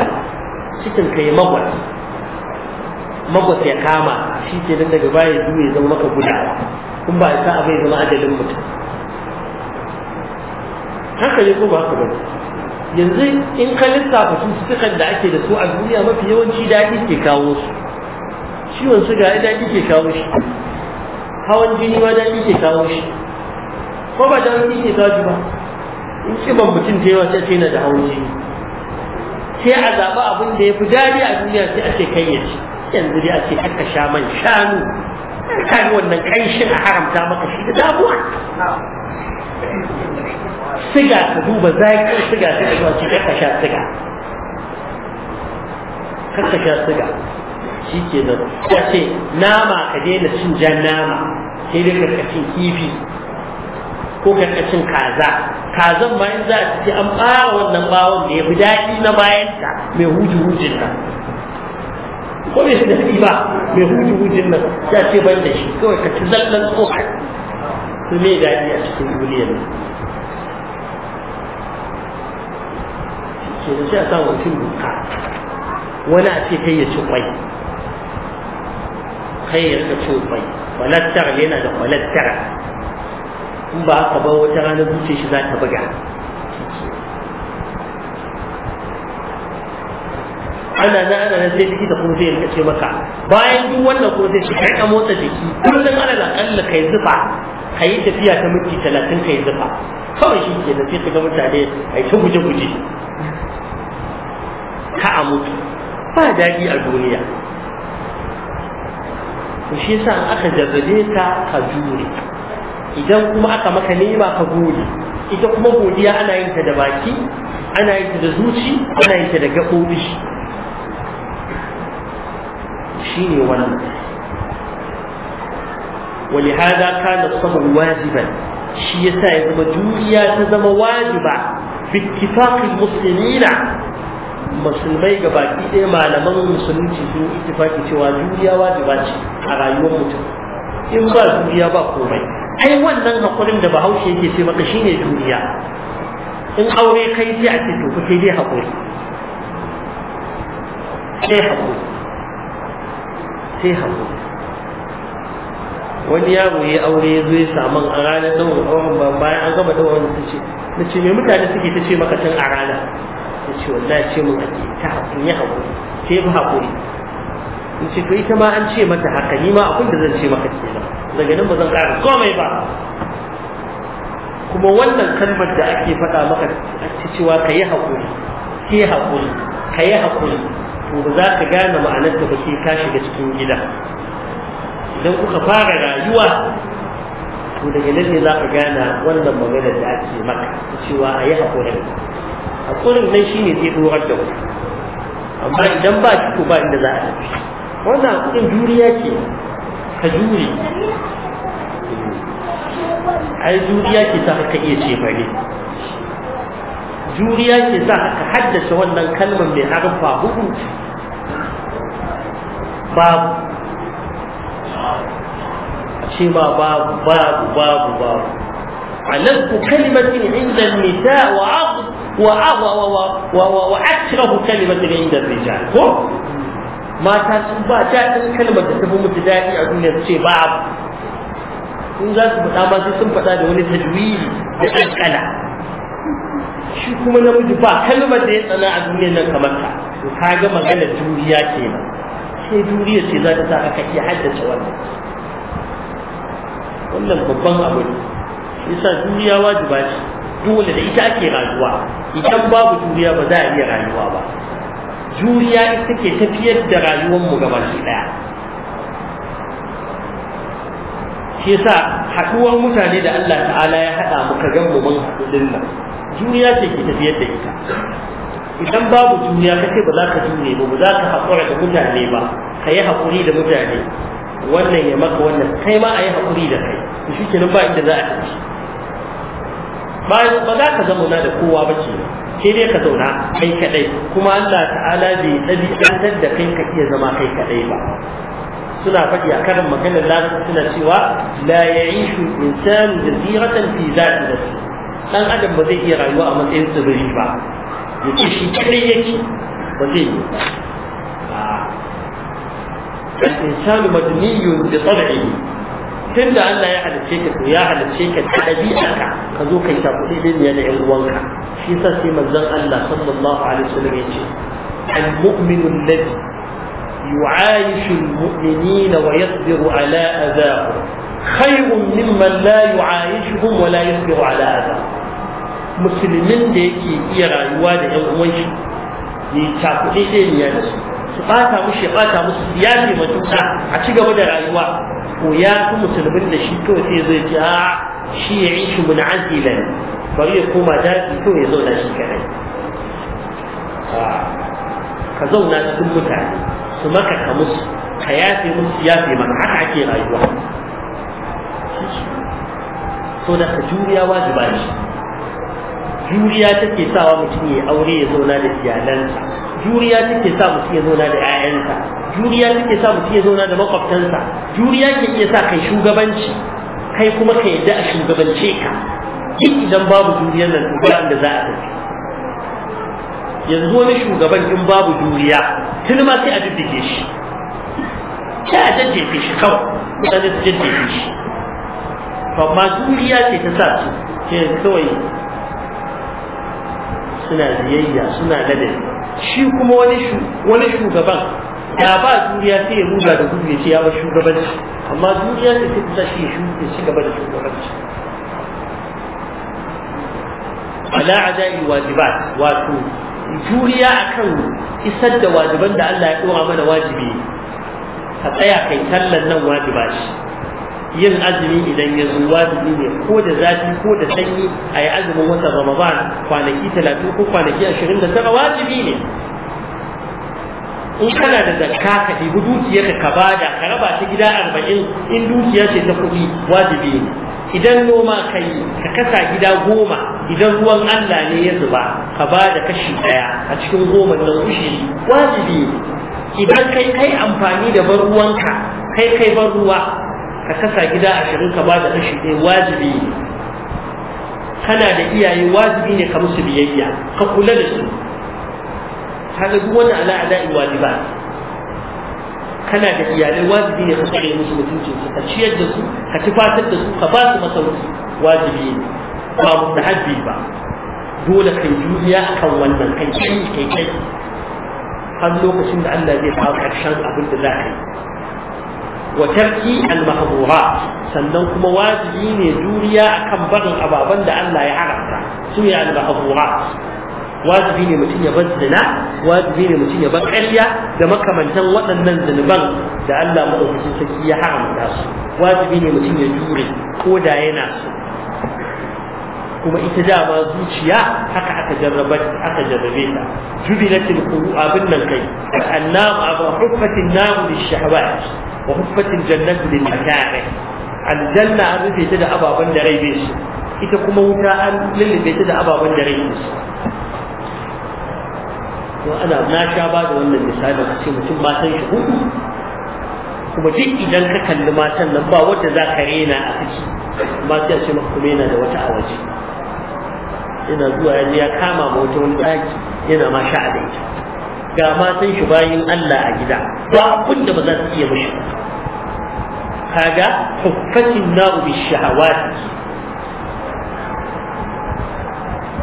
cikin kai magwat magwat ya kama shi ke nan daga baya zuwa ya zama maka guda kun ba a sa abai zama adalin mutum haka ne ko ba haka ba yanzu in ka lissafa cututtukan da ake da su a duniya mafi yawanci daɗi ke kawo su ciwon suga ya daɗi ke kawo shi hawan jini ma daɗi ke kawo shi ko ba daɗi ke kawo shi ba in ci ban mutum ta yawa sai ce na da hawan jini sai a zaɓa abin da ya fi daɗi a duniya sai a ce kai ya yanzu dai a ce aka sha man shanu kan wannan ƙanshin a haramta maka shi da damuwa siga ka duba zaƙin siga sai ka zuwa ce ka sha siga ka sha siga shi ke nan ya ce nama ka daina cin jan nama sai dai ka cin kifi ko ka cin kaza kazan ma in za a ci an fara wannan bawon da ya fi daɗi na bayanta mai huji hujin nan ko bai su daɗi ba mai huji hujin nan ya ce ban da shi kawai ka ci zallan tsohon su ne daɗi a cikin duniyar nan ke da sai a sa mutum doka wani a ce kai ya ci kwai kai ya rika cin kwai kwalattar yana da kwalattar in ba aka ba wata rana zuce shi za ta buga ana na ana nan sai likita kuma zai rika ce maka bayan duk wannan kuma sai shi kai ka motsa jiki kullum ana da kalla kai zufa kai tafiya ta minti talatin kai zufa kawai shi ke da sai ka ga mutane ai ta guje guje ka a mutu ba daɗi a duniya to shi yasa aka jarrabe ka ka jure idan kuma aka maka nema ka gode ita kuma godiya ana yin ta da baki ana yin ta da zuci ana yin ta da gaɓoɓi shi ne wannan ولهذا كان الصبر واجبا شيء يسا يزم جوريا تزم واجبا باتفاق المسلمين musulmai ga baki ɗaya malaman musulunci sun ittifaki cewa duniya wajiba ce a rayuwar mutum in ba duniya ba komai ai wannan hakurin da bahaushe yake ce maka shine duniya, in aure kai sai a ce to sai dai hakuri sai hakuri sai hakuri wani yaro ya aure ya zo ya samu a ranar daurin auren bayan an gama daurin ta ce na ce mutane suke ta ce maka tun a ranar ce wallahi ce mun ake ta hakuri ya hakuri ba hakuri in ce to ita ma an ce mata haka ni ma abin da zan ce maka kenan daga nan ba zan ƙara komai ba kuma wannan kalmar da ake faɗa maka ta cewa ka yi hakuri ke hakuri ka yi hakuri to ba za ka gane ma'anar da sai ka shiga cikin gida idan kuka fara rayuwa to daga nan ne za ka gane wannan magana da ake maka cewa a yi hakuri A hakurin nan shine zai dorar da ku amma idan ba shi ko ba inda za a tafi wannan hakurin juriya ce ka jure ai juriya ce sa ka iya ce bare juriya ce za ka haddasa wannan kalmar mai harfa hudu babu a ce ba babu babu babu babu علق كلمة عند النساء وعظ wa akrahu kalimatan inda rijal ko mata sun ba daɗin kalmar da ta fi mutu daɗi a duniya su ce babu in za su faɗa ba sun faɗa da wani tajwili da ƙanƙana shi kuma namiji ba kalmar da ya tsana a duniya nan kamar ta to ka ga maganar duniya kenan sai ce za ta ka iya wannan wannan babban ce da ita ake rayuwa idan babu juriya ba za a iya rayuwa ba juriya ita ke tafiyar da rayuwarmu gaba shi ɗaya. shi yasa haɗuwar mutane da Allah ta'ala ya haɗa mu ka gan mu mun haɗu din nan juriya ce ke tafiyar da ita idan babu juriya kace ba za ka jure ba ba za ka haƙura da mutane ba ka yi haƙuri da mutane wannan ya maka wannan kai ma a yi haƙuri da kai to shi kenan ba inda za a tafi ba za ka zauna da kowa ba ke sai ka zauna kai kadai kuma Allah ta'ala bai ɗabi'antar da kai ka iya zama kai kadai ba suna faɗi a karin maganar lafi suna cewa la ya'ishu insan jaziratan fi zati nafsi Ɗan adam ba zai iya rayuwa a matsayin tsibiri ba yake shi kadai yake ba zai yi ba al-insanu madniyun tunda Allah ya halice ka ya halice ka da ɗabi'arka ka zo kai ta kuɗi din ya da ƴan uwanka shi sa sai manzon Allah sallallahu alaihi wasallam ya ce al-mu'minu alladhi yu'ayishu al-mu'minina wa yasbiru ala adahum khayrun mimman la yu'ayishuhum wa la yasbiru ala adahum muslimin da yake iya rayuwa da ƴan uwan shi ya ta kudi din ya da su su ɓata mushi ya ɓata musu siyasi mutunta a ci gaba da rayuwa ko ya fi musulmin da shi kawai sai zai ce a shi ya yi shi mun'azilan bari ya koma daji kawai ya zauna shi kadai ka zauna cikin mutane su maka ka musu ka yafe musu yafe maka haka ake rayuwa so da ka juriya wajiba ne juriya take sawa mutum ya aure ya zauna da iyalansa juriya take sa mutum ya zauna da 'ya'yansa juriya take sa mutum ya zauna da makwabtansa juriya ke iya sa kai shugabanci kai kuma ka yadda a shugabance ka duk idan babu juriyar nan to ba da za a tafi yanzu wani shugaban in babu juriya tun ma sai a dudduke shi sai a jajjefe shi kawai mutane su jajjefe shi amma juriya ce ta sa su ke kawai suna biyayya suna ladabi shi kuma wani wani shugaban ya ba duniya sai ya ruga da gudu ya ce ya ba shugabanci amma duniya ne sai ta shi ya ci gaba da shugabanci ala adai wajibat wato juriya akan isar da wajiban da Allah ya dora mana wajibi ka tsaya kai tallan nan wajiba shi yin azumi idan ya zo wajibi ne ko da zafi ko da sanyi a yi azumin watan ramadan kwanaki talatin ko kwanaki ashirin da tara wajibi ne in kana da zakka ka ɗibi dukiya ka bada ka raba ta gida arba'in in dukiya ce ta kuɗi wajibi ne idan noma ka yi ka kasa gida goma idan ruwan Allah ne ya zuba ka bada kashi ɗaya a cikin goma da ushi wajibi ne idan kai kai amfani da ban ruwanka kai kai ban ruwa ka kasa gida ashirin ka ba da kashi ɗaya wajibi kana da iyaye wajibi ne ka musu biyayya ka kula da su kaga duk wani ala ada'i wajiba kana da iyalai wajibi ne ka tsare musu mutunci su ka ciyar da su ka tufatar da su ka ba su masauki wajibi ne ba hajji ba dole kai juriya kan wannan kai kai kai har lokacin da Allah zai kawo karshen abin da za ka yi wa tarki al sannan kuma wajibi ne juriya akan barin ababan da Allah ya haramta su ne al-mahdhurat wajibi ne mutum ya bar zina wajibi ne mutum ya bar ƙarya da makamantan waɗannan zunuban da Allah maɗaukakin sarki ya haramta su wajibi ne mutum ya jure ko da yana so kuma ita dama zuciya haka aka jarrabe aka jarrabe ta jubilatil qulu abin nan kai annamu abu huffatin namu lishahawat wa huffatil jannatu lil makare aljanna an rufe ta da ababen da rai bai ita kuma wuta an lullube ta da ababen da na sha ba da wannan ce mutum kuma duk idan ka kalli matan nan ba za ka rena a ciki amma sai a ce maka kuma yana da wata a waje yana zuwa yanzu ya kama ma wata wani ɗaki yana ma sha a ga matan shi bayan Allah a gida ba abin da ba za su iya mishi ba kaga huffatin na'u bishahawati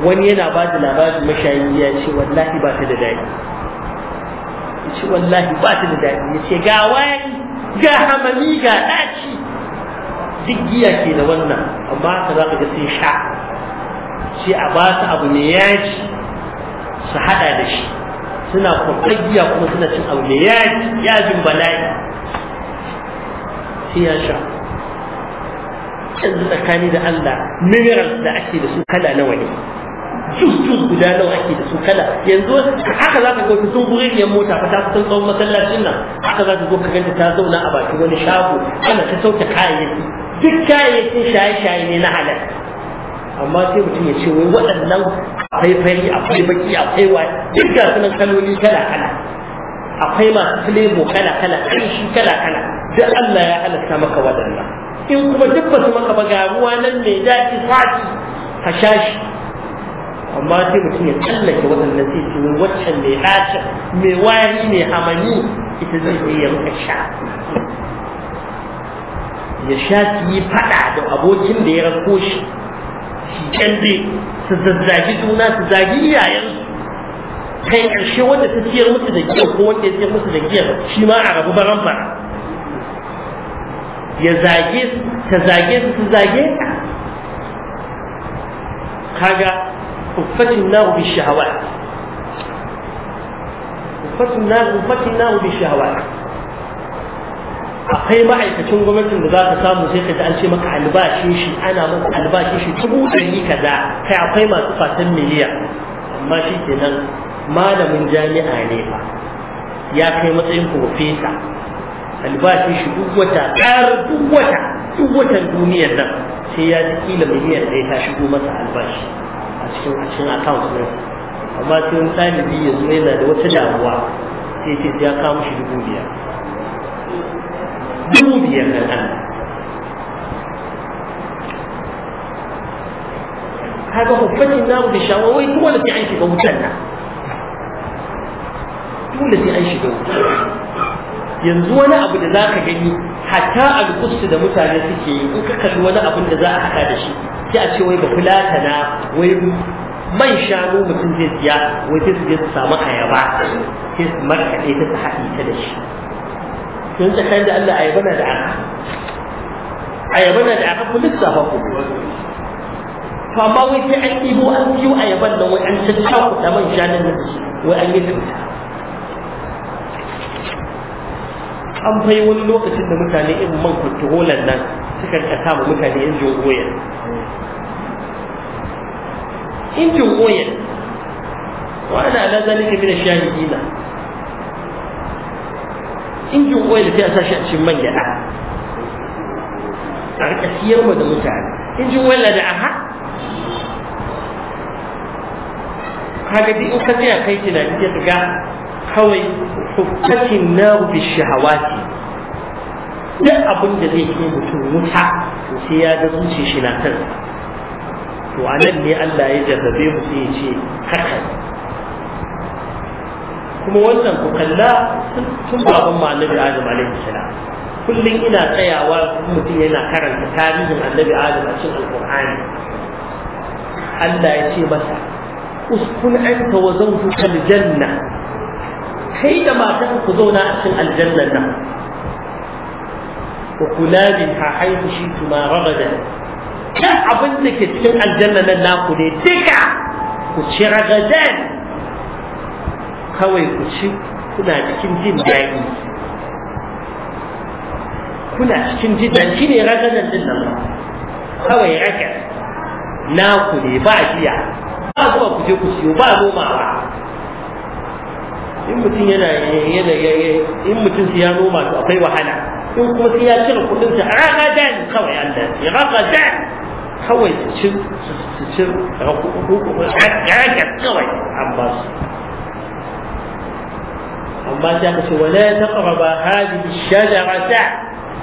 wani yana ba da labarin mashayi ya ce wallahi ba ta da daɗi ya ce wallahi ba ta da daɗi ya ce ga wani ga hamami ga ɗaci duk giya ke da wannan amma haka za ka ga sai sha sai a ba su abu mai yaji su haɗa da shi suna kwakwar giya kuma suna cin abu mai yaji yajin bala'i sai sha yanzu tsakani da Allah minerals da ake da su kala nawa ne jus jus guda nawa ake da su kala yanzu haka za ka gobe sun guriyar mota fa ta san tsawon masallacin nan haka za ka zo ka ganta ta zauna a bakin wani shago ana ta sauke kayayyaki duk kayayyakin shaye-shaye ne na halal amma sai mutum ya ce wai waɗannan akwai fari akwai baki akwai wa duk ga sunan kaloli kala kala akwai masu filebo kala kala shi kala kala duk Allah ya halatta maka waɗannan in kuma duk ba su maka ba ga ruwa nan mai daɗi fati ka sha shi amma sai mutum ya tsallake waɗannan sai ce waccan mai ɗaci mai wari mai hamani ita zai je ya rika sha ya sha su yi faɗa da abokin da ya rako shi shi can dai su zazzagi juna su zagi iyayen. kai ƙarshe wanda ta siyar musu da giyar ko wanda ya siyar musu da giyar shi ma a rabu baran bara ya zage su ta zage su su zage ka kaga uffatin na bi shahawat uffatin na uffatin na bi shahawat akwai ma'aikacin gwamnatin da za ka samu sai ka ji an ce maka albashin shi ana maka albashin shi dubu ɗari kaza kai akwai masu fatan miliyan amma shi kenan malamin jami'a ne fa ya kai matsayin profesa albashin shi duk wata ƙar duk wata duk watan duniyar nan sai ya ji kila miliyan ɗaya ta shigo masa albashi a cikin a cikin account ɗin amma sai wani ɗalibi ya zo yana da wata damuwa sai ce ya kawo shi dubu biyar dubu biyar nan an kaga hukfatin namu da shawarwai dole sai an shiga wutan nan dole sai an shiga wutan yanzu wani abu da za ka gani hatta alƙusu da mutane suke yi in ka kalli wani abun da za a haka da shi sai a ce wai ba fulatana wai man shanu mutum zai siya wai sai su je su samu ayaba sai su markaɗe ta su haɗe ta da shi sun tsakanin da Allah ayaba na da aka ayaba na da aka kuma lissafa ku to amma wai sai an ɗibo an siyo ayaban nan wai an caccakuɗa man shanun nan wai an yi cuta an bai wani lokacin da mutane irin man kwantarolan nan suka rika sama mutane injin oil injin oil wa ana ala zalika bi ash-shahidina injin oil sai a sashi a cikin man gyada a rika siyar da mutane injin oil da aha kaga duk in ka tsaya kai tunani ya ga kawai hukkatin na bi shahawati duk abin da zai kai mutum wuta to sai ya ga zuci shi na kan to a nan ne Allah ya jarrabe mu sai ya ce haka kuma wannan ku kalla tun baban annabi Adam alaihi salam kullum ina tsayawa mutum yana karanta tarihin annabi Adam a cikin alqur'ani Allah ya ce masa uskun anta wa zawjuka aljanna kai da matarka ku zauna a cikin aljannan nan ku kula bin ha haihu shi tuma ragadan kan abin da ke cikin aljannan nan naku ne duka ku ci ragadan kawai ku ci kuna cikin jin daɗi kuna cikin jin daɗi shi ragadan din nan kawai raga naku ne ba jiya ba zuwa ku je ku siyo ba nomawa in mutum yana yana in mutum sai ya noma to akwai wahala in kuma sai ya cire kudin sa raga dan kawai Allah ya raga dan kawai su ci su ci raga kawai an ba su amma sai aka ce wala taqraba hadhihi shajarata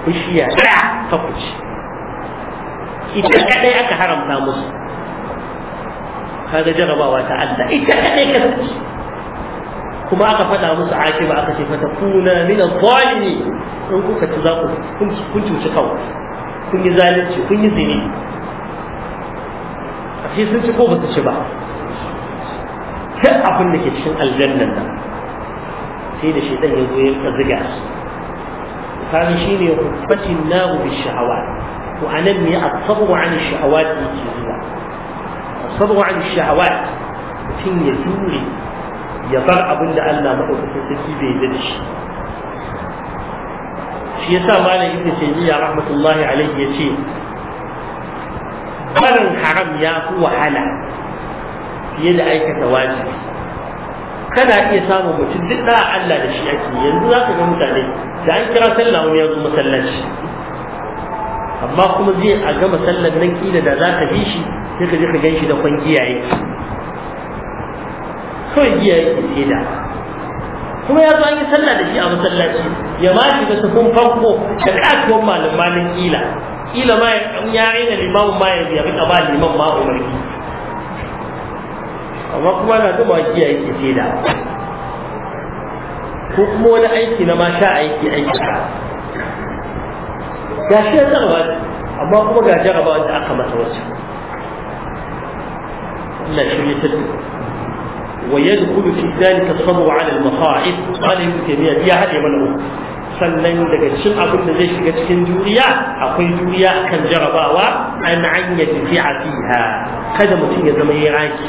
bishiya da ta kuci ita kadai aka haramta musu kaga jarabawa ta Allah ita kadai ka kuma aka faɗa musu akiba aka ce fata kuna min al zalimi in kuka ci za ku kun cuci kawai kun yi zalunci kun yi zini a ce sun ci ko ba su ci ba duk abin da ke cikin aljannan nan sai da shaitan ya zo ya ziga su kaga shine hubbatin nahu bi shahawat wa anan ne asabu an shahawat yake zuwa asabu an shahawat tin ya jure ya bar abin da Allah maɗaukakin sarki bai yi da shi shi yasa malam ibnu taymiya rahmatullahi alayhi yace barin haram ya fi wahala fiye da aikata wajibi kana iya samun mutum duk da Allah da shi ake yanzu za ka ga mutane da an kira sallah wani ya zo masallaci amma kuma zai a gama sallar nan kila da za ka bi shi sai ka je ka gan shi da kwangiya yake kawai giya yake da kuma ya zo an yi sallah da shi a masallaci ya ma shiga sufin farko da kasuwan malam malin kila kila ma ya raina limamin ma ya biya ba liman ma umarni amma kuma na zuba yi yake da ko kuma wani aiki na mata aiki aiki ga shi ya tsarwa amma kuma ga jarabawa da aka masa wacce Allah shi ne ta ويدخل في ذلك الصبر على المصاعب قال ابن تيمية يا هذه من sannan daga cikin abin da zai shiga cikin juriya akwai juriya kan jarabawa an an ya tafi a fiha kada mutum ya zama raki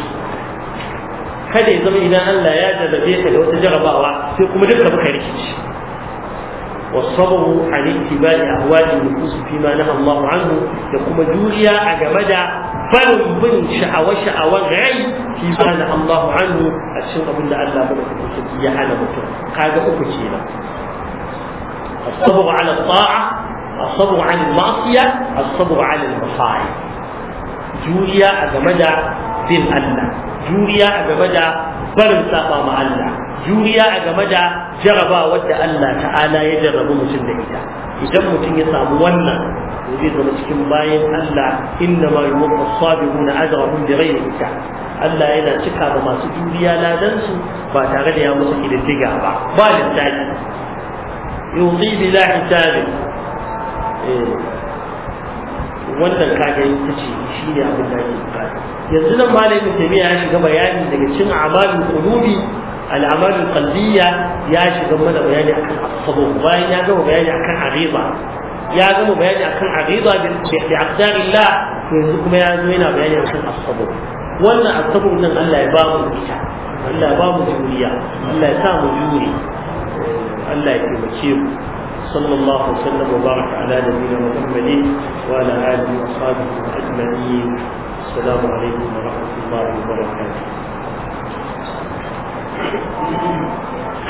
kada ya zama idan Allah ya jarrabe ka da wata jarabawa sai kuma duka baka rikici والصبر عن اتباع أهواء النفوس فيما نهى الله عنه يقوم جوليا أجمدا فلن من شعوى شعوى غي فيما نهى الله عنه أشهد أن ألا ملك يا أنا مطر قاعد أكتشينا الصبر على الطاعة الصبر عن المعصية الصبر عن المصائب جوليا أجمدا بين الله جوليا أجمدا barin saba ma Allah juriya a game da jaraba wadda Allah ta'ala ya jarrabu mutum da ita idan mutum ya samu wannan to zai zama cikin bayan Allah inna ma yuwaffa sabiruna ajrahum bighayri ita. Allah yana cika ga masu juriya ladan su ba tare da ya musu kididdiga ba ba da tsari yuzi bila hisabi eh. wannan kaga ita ce shi ne abin da ake bukata yanzu nan malam ibn taymiya ya shiga bayani daga cikin amalul qulubi al'amalul qalbiyya ya shiga mana bayani akan asabu bayan ya gama bayani akan ariba ya gama bayani akan ariba bi aqdarillah to yanzu kuma ya zo yana bayani akan asabu wannan asabu nan Allah ya ba mu ita Allah ya ba mu juriya Allah ya sa mu jure Allah ya taimake mu صلى الله وسلم وبارك على نبينا محمد وعلى اله وصحبه اجمعين السلام عليكم ورحمه الله وبركاته